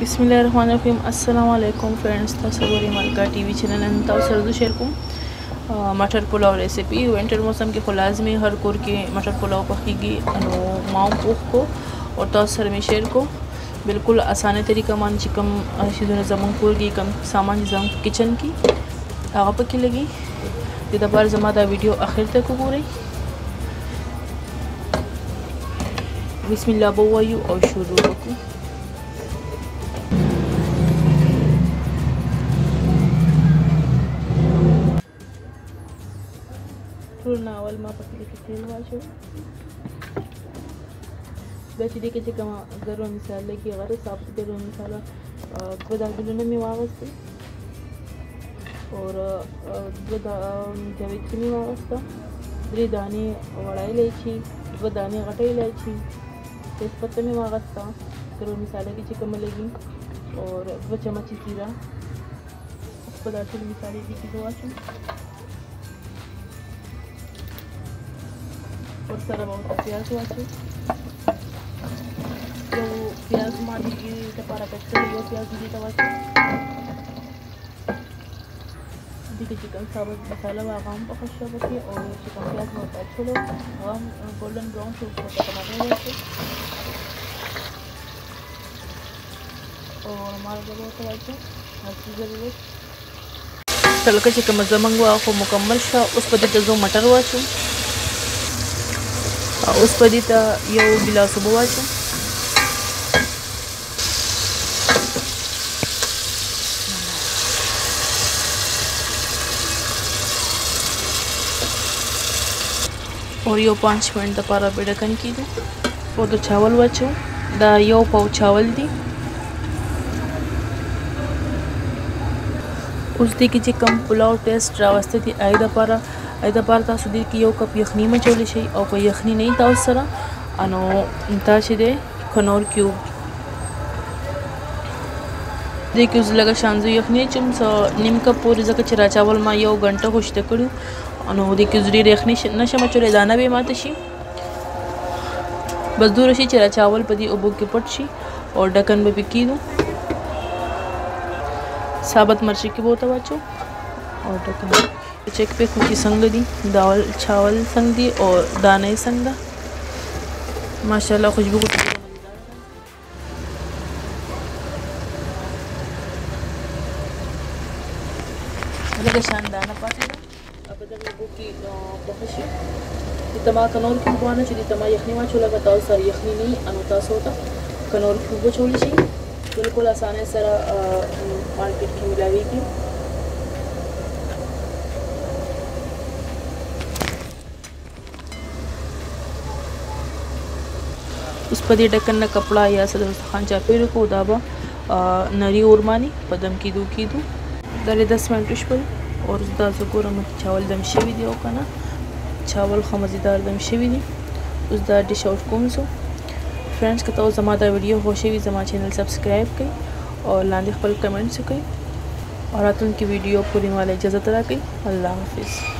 بسم الله الرحمن الرحیم السلام علیکم فرندز تاسو ګورئ ملکا ټي وي چینل نن تاسو سره شیر کوم مټر پلاو ریسیپی وینټر موسم کې خو لازمي هر کور کې مټر پلاو پخېږي نو ما پوښ کو او تاسو سره می شیر کو بالکل اسانه طریقه مان چې کوم شیزونه زمون کور کې کوم سامان زم کچن کې هغه پکې لګي د دبار زما دا ویډیو اخر تک وګورئ بسم الله بو وایو او شروع وکړو नावल में पकड़ के तेल वाचो बची देखे जो गर्व मिसाल कि अगर साबुत गर्व मिसाल बदा गिलो ने मैं वावस और जवेत्री में वावस था दि दाने वड़ाई ले छी वह दाने अटे ले छी तेज पत्ते में वागस था गर्व मिसाल की चिकम मिलेगी और वह चमची चीरा पदार्थ मिसाले की चीज़ वाचू ورسره به پیاز واچو یو پیاز ما د دې لپاره کټ کړی یو پیاز دې ته واچو دې کې چې کوم ثابت مساله و هغه هم پخه شوه پکې او چې کوم پیاز مو اچ کړو هغه هم ګولډن براون شو په تمامه واچو او مالګه به ورته واچو هڅه ضرورت تلکه چې کوم زمنګ واخو مکمل شو اوس په دې ته زو مټر واچو اوس په دې ته یو ګلاس اوبه واچوم اور یو پانچ منټ لپاره به ډکن کېږدو او د چاول واچوم دا یو پاو چاول دی اوس دې کې چې کوم پلاو ټیسټ راوستی دی هغې دپاره د پاره تاسو دې کې یو کپ یخني مچولی شي او که یخني نه تاسو سره نو تاسو دې کنور کیوب دې کې اوس لږه شانزو یخني چې موږ نیم کپ پورې ځکه چې راچاول ما یو غنټه خوشته کړو نو دې کې زری یخني نشه مچولی دانه به ماته شي بس دوره شي چې را چاول په دې اوبو کې پټ شي او ډکن به پکې دو ثابت مرچ کې بوته واچو او ډکن चेक पे खुशी संग दी दाल चावल संग दी और दाना ही संग दा माशाल्लाह खुशबू कुछ लगे शानदार पास अब तक तमा कनौर की चली तमा यखनी वहाँ छोला बताओ सर यखनी नहीं अनुतास होता कनौर की छोड़ी चाहिए बिल्कुल आसान है सर मार्केट की मिलावी की اوس په دې ډکن نه کپړه یا څه د دسترخوان چاپېره کړو دا به نري اورمانې په دم کېدو کېدو دا لې دس منټ وشول اور دا زه ګورم چې چاول دم شوي دي او که نه چاول ښه مزېدار دم شوي دي اوس دا ډش آوټ کوم زه فرینډس که تاسو زما دا ویډیو خوښوي زما چینل سبسکرایب کړئ او لاندې خپل کمنټس وکړئ او راتلونکي ویډیو پورې مالا اجازه ترا کوي الله حافظ